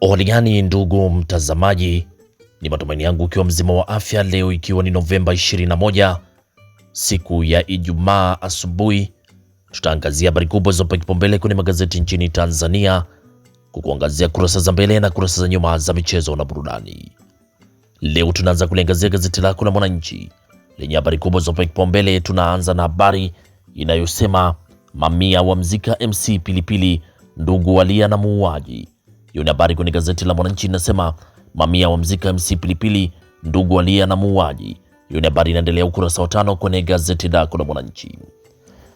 uhaligani ndugu mtazamaji, ni matumaini yangu ukiwa mzima wa afya leo, ikiwa ni Novemba 21 siku ya Ijumaa asubuhi. Tutaangazia habari kubwa zilizopewa kipaumbele kwenye magazeti nchini Tanzania, kukuangazia kurasa za mbele na kurasa za nyuma za michezo na burudani. Leo tunaanza kuliangazia gazeti lako la Mwananchi lenye habari kubwa zilizopewa kipaumbele. Tunaanza na habari inayosema mamia wamzika MC Pilipili, ndugu walia na muuaji hiyo ni habari kwenye gazeti la Mwananchi inasema mamia wamzika MC Pilipili, ndugu alia na muuaji. Hiyo ni habari inaendelea ukurasa wa tano kwenye gazeti lako la Mwananchi.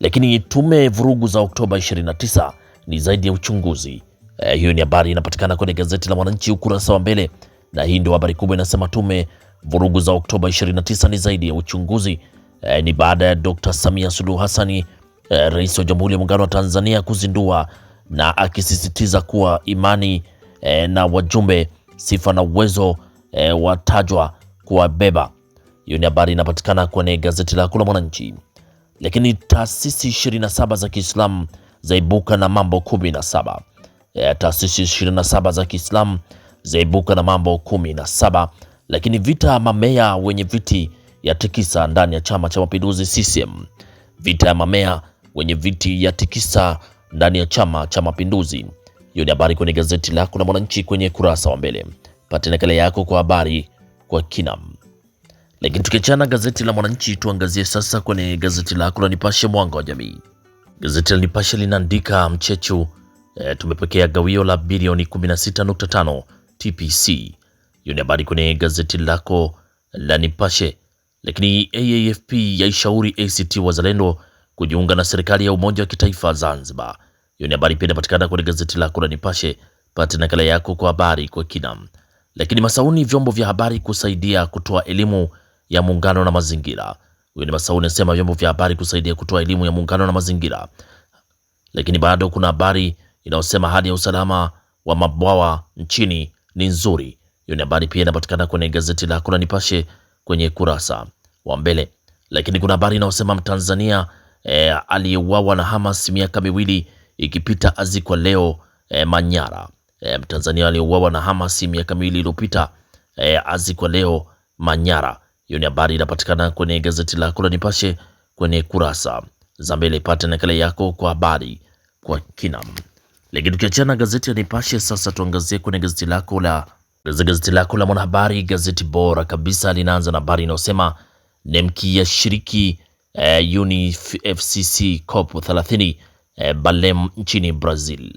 Lakini tume vurugu za Oktoba 29 ni zaidi ya uchunguzi. Eh, hiyo ni habari inapatikana kwenye gazeti la Mwananchi ukurasa wa mbele, na hii ndio habari kubwa inasema tume vurugu za Oktoba 29 ni zaidi ya uchunguzi. Eh, ni baada ya Dr. Samia Suluhu Hassani, eh, rais wa Jamhuri ya Muungano wa Tanzania kuzindua na akisisitiza kuwa imani e, na wajumbe sifa na uwezo e, watajwa kuwabeba. Hiyo ni habari inapatikana kwenye gazeti lako la Mwananchi. Lakini taasisi 27 za Kiislamu zaibuka na mambo 17. E, eh, taasisi 27 za Kiislamu zaibuka na mambo 17. Lakini vita mamea wenye viti ya tikisa ndani ya Chama cha Mapinduzi CCM. Vita ya mamea wenye viti ya tikisa ndani ya Chama cha Mapinduzi. Hiyo ni habari kwenye gazeti lako la Mwananchi kwenye kurasa wa mbele, Pata nakala yako kwa habari kwa kina. Lakini tukiachana gazeti la Mwananchi, tuangazie sasa kwenye gazeti lako la Nipashe mwanga wa jamii. Gazeti la Nipashe linaandika Mchechu e, eh, tumepokea gawio la bilioni 16.5 TPC. Hiyo ni habari kwenye gazeti lako la Nipashe. Lakini AAFP yaishauri ACT Wazalendo kujiunga na serikali ya umoja wa kitaifa Zanzibar. Hiyo ni habari pia inapatikana kwenye gazeti lako la Nipashe. Pata nakala yako kwa habari kwa kina. Lakini Masauni, vyombo vya habari kusaidia kutoa elimu ya muungano na mazingira. Huyo ni Masauni anasema vyombo vya habari kusaidia kutoa elimu ya muungano na mazingira. Lakini bado kuna habari inayosema hali ya usalama wa mabwawa nchini ni nzuri. Hiyo ni habari pia inapatikana kwenye gazeti lako la Nipashe kwenye kurasa wa mbele. Lakini kuna habari inayosema Mtanzania e, aliyeuawa na Hamas miaka miwili ikipita azikwa leo e, Manyara. E, Mtanzania aliyeuawa na Hamas miaka miwili iliyopita e, azikwa leo Manyara. Hiyo ni habari inapatikana kwenye gazeti lako la Nipashe kwenye kurasa za mbele. Pata nakala yako kwa habari kwa kina. Lakini tukiachana na gazeti la Nipashe, sasa tuangazie kwenye gazeti lako la gazeti lako la Mwanahabari, gazeti bora kabisa, linaanza na habari inayosema NEMC yashiriki eh, UNFCCC COP 30 eh, Belem nchini Brazil.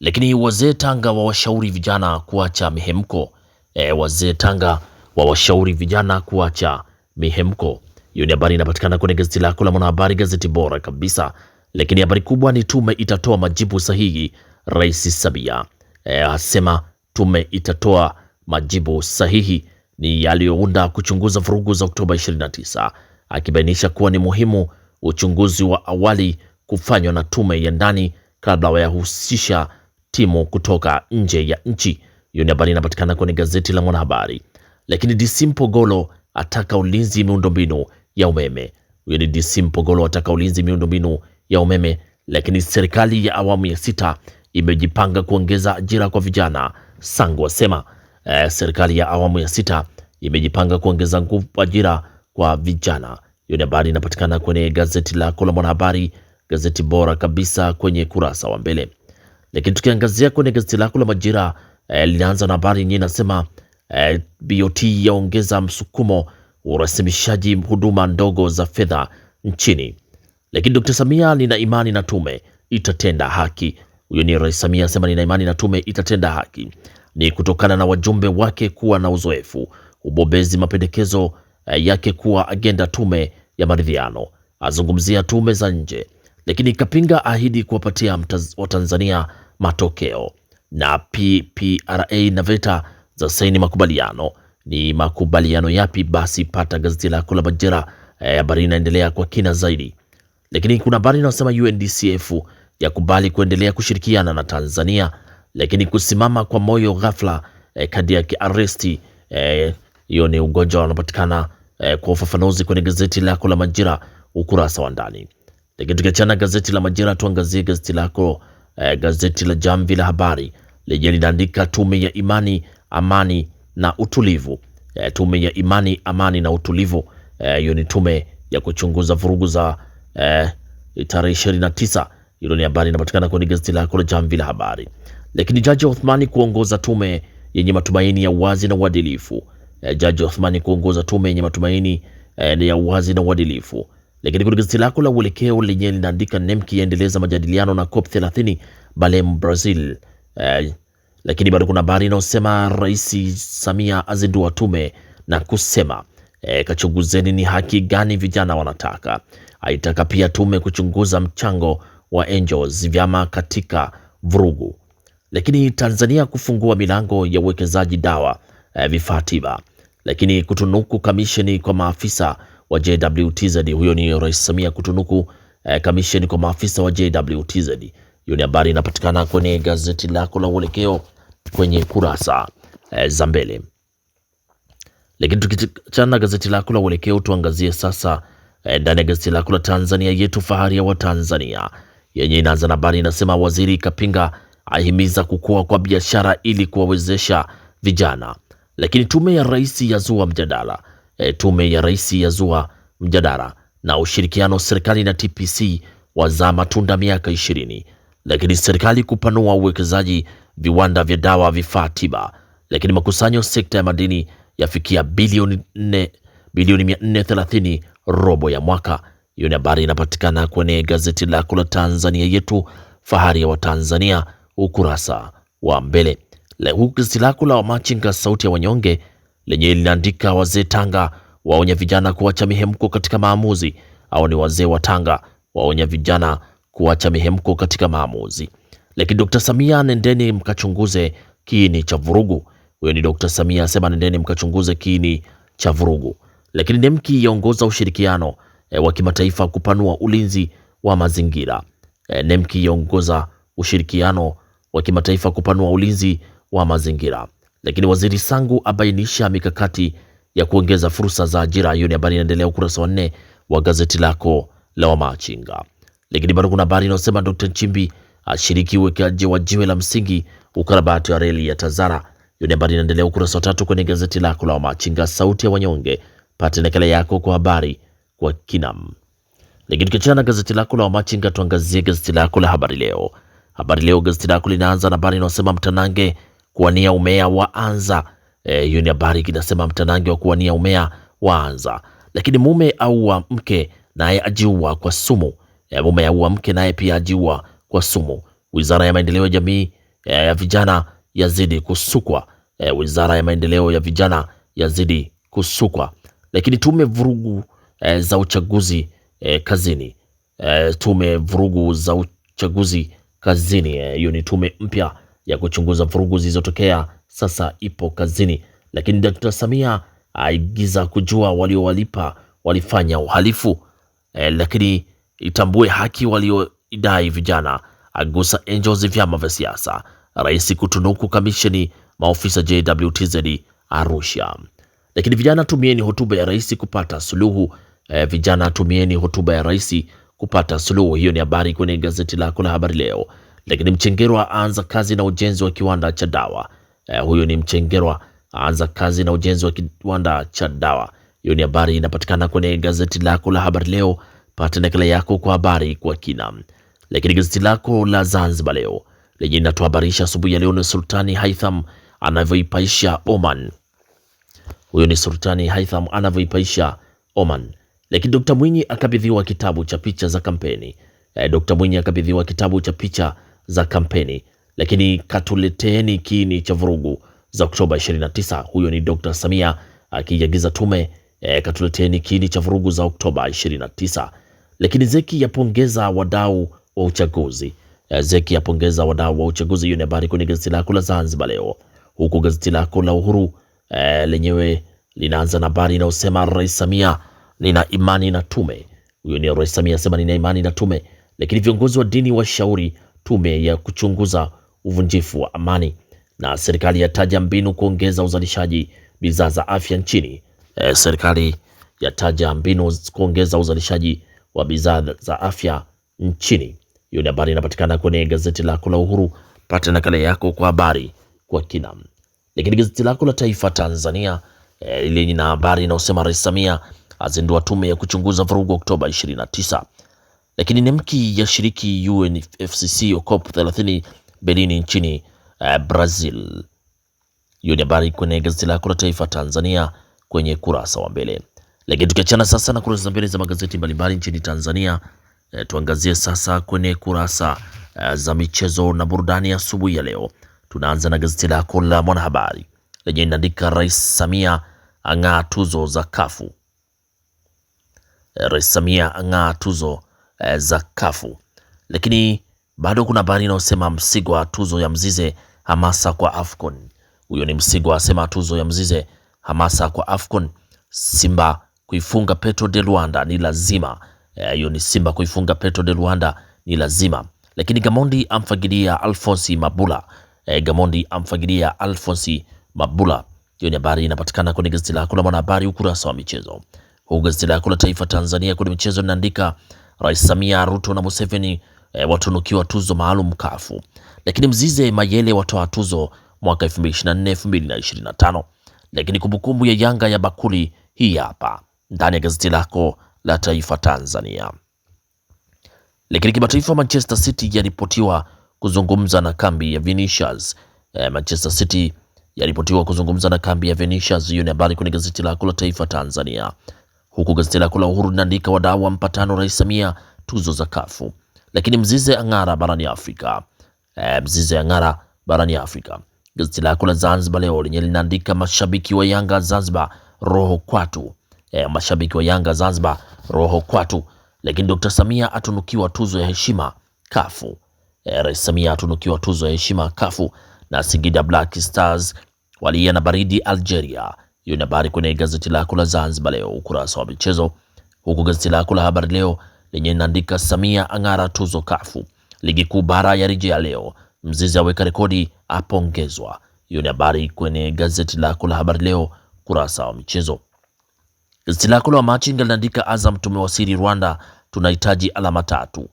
Lakini wazee Tanga wawashauri vijana kuacha mihemko eh, wazee Tanga wawashauri vijana kuacha mihemko. Hiyo ni habari inapatikana kwenye gazeti lako la Mwanahabari, gazeti bora kabisa. Lakini habari kubwa ni tume itatoa majibu sahihi, Rais Samia eh, asema tume itatoa majibu sahihi ni yaliyounda kuchunguza vurugu za Oktoba 29 akibainisha kuwa ni muhimu uchunguzi wa awali kufanywa na tume ya ndani kabla wayahusisha timu kutoka nje ya nchi. Hiyo ni habari inapatikana kwenye gazeti la Mwanahabari. Lakini DC Mpogolo ataka ulinzi miundombinu ya umeme. Huyo ni DC Mpogolo ataka ulinzi miundombinu ya umeme. Lakini serikali ya awamu ya sita imejipanga kuongeza ajira kwa vijana, Sangu asema. Eh, serikali ya awamu ya sita imejipanga kuongeza nguvu ajira kwa vijana. Hiyo ni habari inapatikana kwenye gazeti lako la Mwanahabari, gazeti bora kabisa kwenye kurasa wa mbele. Lakini tukiangazia kwenye gazeti lako la Majira eh, linaanza na habari yenyewe inasema eh, BOT yaongeza msukumo urasimishaji huduma ndogo za fedha nchini. Lakini Dkt. Samia, nina imani na tume itatenda haki. Huyo ni Rais Samia asema nina imani na tume itatenda haki, ni kutokana na wajumbe wake kuwa na uzoefu, ubobezi, mapendekezo Eh, yake kuwa agenda tume ya maridhiano. Azungumzia tume za nje, lakini kapinga ahidi kuwapatia Watanzania matokeo. Na PPRA na VETA za saini makubaliano. Ni makubaliano yapi basi? Pata gazeti lako la Majira, eh, habari inaendelea kwa kina zaidi. Lakini kuna habari inayosema UNDCF yakubali kuendelea kushirikiana na Tanzania, lakini kusimama kwa moyo ghafla eh, kadi ya kiaresti eh, hiyo eh, ni ugonjwa unapatikana eh, kwa ufafanuzi kwenye gazeti lako la Majira ukurasa wa ndani. Lakini tukiachana gazeti la Majira, tuangazie gazeti lako eh, gazeti la Jamvi la Habari lenye linaandika tume ya imani amani na utulivu eh, tume ya imani amani na utulivu eh, hiyo eh, ni tume ya kuchunguza vurugu za eh, tarehe ishirini na tisa. Hilo ni habari inapatikana kwenye gazeti lako la Jamvi la Habari. Lakini Jaji Othmani kuongoza tume yenye matumaini ya uwazi na uadilifu eh, Jaji Othmani kuongoza tume yenye matumaini eh, ya uwazi na uadilifu. Lakini kuna gazeti lako la Uelekeo lenyewe linaandika Nemki yaendeleza majadiliano na COP 30 Balem, Brazil. Eh, lakini bado kuna habari inayosema Rais Samia azindua tume na kusema e, kachunguzeni ni haki gani vijana wanataka. Aitaka pia tume kuchunguza mchango wa angels vyama katika vurugu. Lakini Tanzania kufungua milango ya uwekezaji dawa eh, vifaa tiba. Lakini kutunuku kamisheni kwa maafisa wa JWTZ, huyo ni Rais Samia kutunuku eh, kamisheni kwa maafisa wa JWTZ. Hiyo ni habari inapatikana kwenye gazeti lako la Uelekeo kwenye kurasa eh, za mbele. Lakini tukichana gazeti lako la Uelekeo, tuangazie sasa eh, ndani ya gazeti lako la Tanzania yetu fahari ya Watanzania yenye inaanza na habari inasema, waziri Kapinga ahimiza kukua kwa biashara ili kuwawezesha vijana. Lakini tume ya rais zua mjadala e, tume ya rais zua mjadala na ushirikiano serikali na TPC wazaa matunda miaka ishirini. Lakini serikali kupanua uwekezaji viwanda vya dawa, vifaa tiba. Lakini makusanyo sekta ya madini yafikia bilioni nne bilioni 430 robo ya mwaka. Hiyo ni habari inapatikana kwenye gazeti lako la Tanzania Yetu, fahari ya Watanzania, ukurasa wa mbele huku gazeti lako la Wamachinga sauti ya wanyonge lenye linaandika wazee Tanga waonya vijana kuacha mihemko katika maamuzi. Au ni wazee wa Tanga waonya vijana kuacha mihemko katika maamuzi. Lakini Dr. Samia, nendeni mkachunguze kiini cha vurugu. Huyo ni Dr. Samia asema nendeni mkachunguze kiini cha vurugu. Lakini Nemki yaongoza ushirikiano e, wa kimataifa kupanua ulinzi wa mazingira. E, Nemki yaongoza ushirikiano wa kimataifa kupanua ulinzi wa mazingira. Lakini waziri Sangu abainisha mikakati ya kuongeza fursa za ajira. Hiyo ni habari inaendelea ukurasa wa nne wa gazeti lako la Wamachinga. Lakini bado kuna habari inayosema Dr. Nchimbi ashiriki uwekaji wa jiwe la msingi ukarabati wa reli ya Tazara. Hiyo ni habari inaendelea ukurasa wa tatu kwenye gazeti lako la Wamachinga, sauti ya wanyonge. Pate nakala yako kwa habari kwa kinam. Lakini tukiachana na gazeti lako la Wamachinga, tuangazie gazeti lako la Habari Leo. Habari Leo gazeti lako linaanza na habari inayosema mtanange kuwania umea waanza. E, hiyo e, ni habari inasema mtanange wa kuwania umea waanza. Lakini mume aua mke naye ajiua kwa sumu. E, mume aua mke naye pia ajiua kwa sumu. Wizara ya maendeleo ya jamii e, ya vijana yazidi kusukwa. E, wizara ya maendeleo ya vijana yazidi kusukwa. Lakini tume vurugu e, za uchaguzi e, kazini e, tume vurugu za uchaguzi kazini e, hiyo e, ni tume mpya ya kuchunguza vurugu zilizotokea sasa ipo kazini, lakini Dkt. Samia aigiza kujua waliowalipa walifanya uhalifu eh, lakini itambue haki walioidai vijana, agusa angels vyama vya siasa, rais kutunuku kamisheni maofisa JWTZ Arusha. Lakini vijana tumieni hotuba ya rais kupata suluhu eh, vijana tumieni hotuba ya rais kupata suluhu. Hiyo ni habari kwenye gazeti lako la habari leo. Lakini Mchengerwa aanza kazi na ujenzi wa kiwanda cha dawa. Eh, huyu ni Mchengerwa aanza kazi na ujenzi wa kiwanda cha dawa. Hiyo ni habari inapatikana kwenye gazeti lako la Habari Leo. Pata nakala yako kwa habari kwa kina. Lakini gazeti lako la Zanzibar Leo lenye inatuhabarisha asubuhi ya leo ni Sultani Haitham anavyoipaisha Oman. Huyo ni Sultani Haitham anavyoipaisha Oman. Lakini Dr. Mwinyi akabidhiwa kitabu cha picha za kampeni. Eh, Dr. Mwinyi akabidhiwa kitabu cha picha za kampeni, lakini katuleteeni kiini cha vurugu za Oktoba 29. Huyo ni Dr. Samia akiagiza tume e, katuleteeni kiini cha vurugu za Oktoba 29. Lakini Zeki yapongeza wadau wa uchaguzi. e, Zeki yapongeza wadau wa uchaguzi. Hiyo ni habari kwenye gazeti lako la Zanzibar leo, huku gazeti lako la Uhuru e, lenyewe linaanza na habari inayosema Rais Samia, nina imani na tume. Huyo ni Rais Samia asema nina imani na tume. Lakini viongozi wa dini washauri tume ya kuchunguza uvunjifu wa amani. Na serikali yataja mbinu kuongeza uzalishaji bidhaa za afya nchini. E, serikali yataja mbinu kuongeza uzalishaji wa bidhaa za afya nchini. Hiyo ni habari inapatikana kwenye gazeti lako la Uhuru. Pata nakala yako kwa habari kwa kina. Lakini gazeti lako la Taifa Tanzania e, lina habari inayosema Rais Samia azindua tume ya kuchunguza vurugu Oktoba 29. Lakini Nemki shiriki UNFCC wa COP 30 Berlin nchini uh, Brazil. Hiyo ni habari kwenye gazeti lako la Taifa Tanzania kwenye kurasa wa mbele. Lakini tukiachana sasa na kurasa za mbele za magazeti mbalimbali nchini Tanzania, eh, tuangazie sasa kwenye kurasa eh, za michezo na burudani asubuhi ya, ya leo. Tunaanza na gazeti lako la Mwanahabari lenye inaandika Rais Samia ang'aa tuzo za Kafu. Eh, Rais Samia ang'aa tuzo eh, za Kafu. Lakini bado kuna habari inayosema Msigwa tuzo ya Mzize hamasa kwa Afcon. Huyo ni Msigwa asema tuzo ya Mzize hamasa kwa Afcon. Simba kuifunga Petro de Luanda ni lazima. Eh, hiyo e, ni Simba kuifunga Petro de Luanda ni lazima. Lakini Gamondi amfagilia Alfonsi Mabula. E, Gamondi amfagilia Alfonsi Mabula. Hiyo ni habari inapatikana kwenye gazeti lako la Mwanahabari ukurasa wa michezo. Huu gazeti lako la Taifa Tanzania kwenye michezo linaandika Rais Samia, Ruto na Museveni e, watunukiwa tuzo maalum kafu. Lakini Mzize, Mayele watoa tuzo mwaka 2024 2025. Lakini kumbukumbu ya Yanga ya bakuli hii hapa ndani ya gazeti lako la Taifa Tanzania. Lakini kimataifa, Manchester City yaripotiwa kuzungumza na kambi ya Vinicius. E, Manchester City yaripotiwa kuzungumza na kambi ya Vinicius. Hiyo ni habari kwenye gazeti lako la Taifa Tanzania huku gazeti lako la Uhuru linaandika wadau wa mpatano Rais Samia tuzo za kafu, lakini Mzize ang'ara barani Afrika. E, Mzize ang'ara barani Afrika. Gazeti lako la Zanzibar leo lenye linaandika mashabiki wa Yanga Zanzibar roho kwatu. E, mashabiki wa Yanga Zanzibar roho kwatu. Lakini Dr. Samia atunukiwa tuzo ya heshima kafu. E, Rais Samia atunukiwa tuzo ya heshima kafu na Singida Black Stars walia na baridi Algeria. Hiyo ni habari kwenye gazeti lako la Zanzibar Leo ukurasa wa michezo, huku gazeti lako la Habari Leo lenye linaandika Samia ang'ara tuzo kafu, ligi kuu bara ya rejea leo, Mzizi aweka rekodi apongezwa. Hiyo ni habari kwenye gazeti lako la Habari Leo kurasa wa michezo. Gazeti lako la Machinga linaandika Azam tumewasili Rwanda, tunahitaji alama tatu,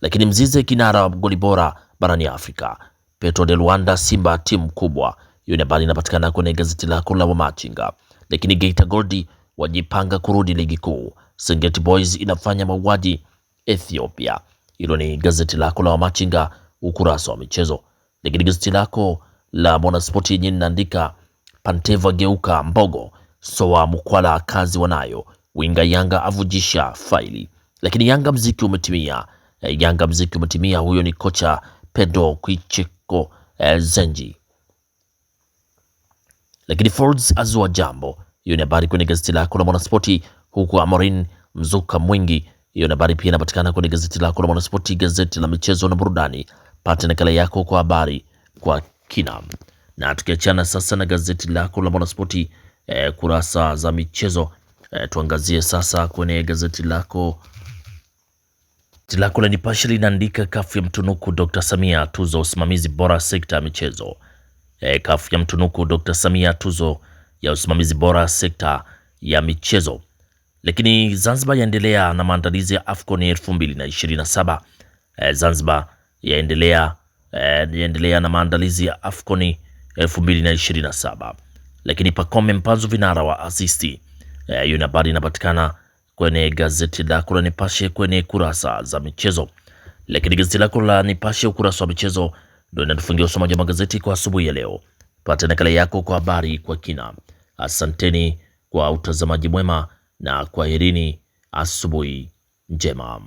lakini Mzize kinara wa goli bora barani Afrika. Petro de Luanda Simba timu kubwa hiyo ni habari inapatikana kwenye gazeti lako la Wamachinga. Lakini Geita Gold wajipanga kurudi ligi kuu, Serengeti Boys inafanya mauaji Ethiopia. Hilo ni gazeti lako la Wamachinga ukurasa wa michezo. Lakini gazeti lako la Mwanaspoti yenyewe inaandika Panteva geuka mbogo, soa mkwala kazi wanayo, winga Yanga avujisha faili. Lakini Yanga mziki umetimia, eh, Yanga mziki umetimia. Huyo ni kocha Pedro Kwicheko eh, Zenji lakini Fords azua jambo. Hiyo ni habari kwenye gazeti lako la Mwanaspoti, huku Amorin mzuka mwingi. Hiyo ni habari pia inapatikana kwenye gazeti lako la Mwanaspoti, gazeti la michezo na burudani. Pata nakala yako kwa habari kwa kina. Na tukiachana sasa na gazeti lako la Mwanaspoti eh, kurasa za michezo eh, tuangazie sasa kwenye gazeti lako lako la Nipashe linaandika kafu ya mtunuku Dr. Samia tuzo usimamizi bora sekta ya michezo. E, kafu ya mtunuku Dr. Samia tuzo ya usimamizi bora sekta ya michezo. Lakini Zanzibar yaendelea na maandalizi ya AFCON 2027. E, Zanzibar yaendelea e, yaendelea na maandalizi ya AFCON 2027. Lakini Pacome Mpanzu vinara wa asisti. E, hiyo habari inapatikana kwenye gazeti lako la Nipashe kwenye kurasa za michezo. Lakini gazeti lako la Nipashe ukurasa wa michezo ndio inatufungia usomaji wa magazeti kwa asubuhi ya leo. Pata nakala yako kwa habari kwa kina. Asanteni kwa utazamaji mwema na kwaherini, asubuhi njema.